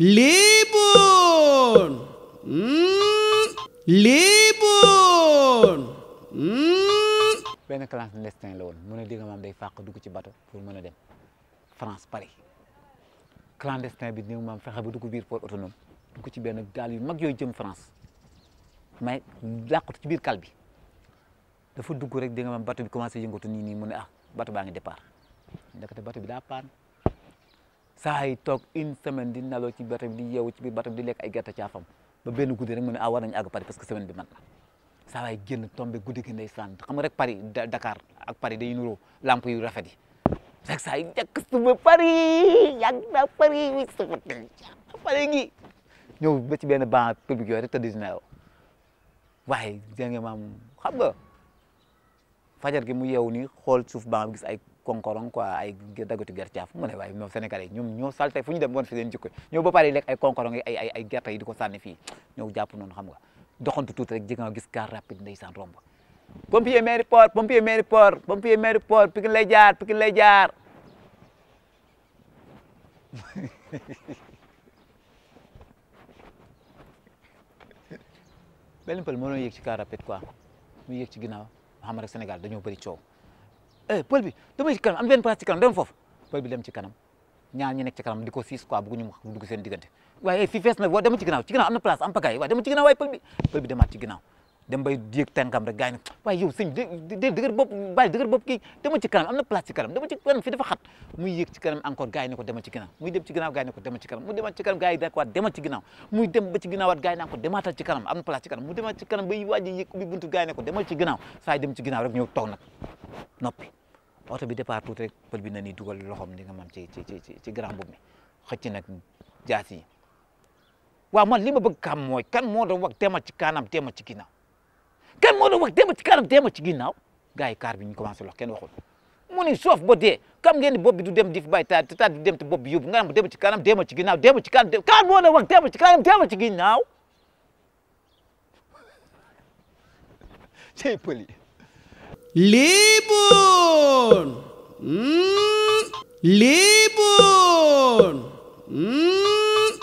Leben! Mm. Leben! Mm. benn clandestin la woon mu ne dégg maam day fàq dugg ci bato pour mën a dem France Paris clandestin bi dégg maam fexe ba dugg biir port otonom dugg ci benn gaal yu mag yooyu jëm France mais làqatu ci biir kal bi dafa dugg rek dégg maam bato bi commencé yëngatu nii nii mu ne ah bato baa ngi départ ndekete bato bi daa paan. sahay tok une semaine di nalo ci batam di yew ci bi batam di lek ay ci afam ba benn goudi rek mo ne a war nañ ag Paris parce que semaine bi mat sa way genn tombe goudi ki gi xam rek Paris Dakar ak Paris day nuro lampe yu rafet yi rek saa yi jàkk suba Paris yak na Paris wi suba tey Paris gi ñëw ba ci benn banc public yo rek tëdd dina yow way jànge mam xam nga fajar gi mu yew ni xol suuf banc gis ay konkorong quoi ay dagatu gercaaf mu ne way moom sénégalais ñom ñoom ñoo salte fu ñu dem woon fi leen jikko ñoo ba paré lek ay konkoron ay ay ay gerte diko sanni fi sànni japp non xam nga doxantu tout rek jigéen gis car rapide ndaysan romb pompier mairie port pompier mairie port pompier mairie port pikin lay jaar pikin lay jaar benn pel mo ñu yéeg ci car rapide quoi ñu yéeg ci ginaaw xam rek Sénégal dañu bari ciow eh pël bi ci kanam am ci kanam dem ci kanam ñaar ci kanam di eh, ci ginnaaw bay jéeg yi buntu gars ne ko demal ci ginnaaw saa yi ci ginnaaw rek ñëw toog nag oto bi départ tuuti rek pël bi na ni dugal loxoom di nga mam ci ci ci ci grand boobu mi xëcc nag jaas yi man li ma bëgg kam mooy kan moo doon wax teema ci kanam teema ci ginnaaw kan moo doon wax teema ci kanam teema ci ginnaaw gars kaar bi ñu commencé lox kenn waxul mu ni soof ba dee kam ngeen ni bopp bi du dem di fi bàyyi taat taat du dem te bopp bi yóbbu nga naan deema ci kanam deema ci ginnaaw deema ci kanam kan moo doon wax teema ci kanam teema ci ginnaaw cey Libur! Hum? libun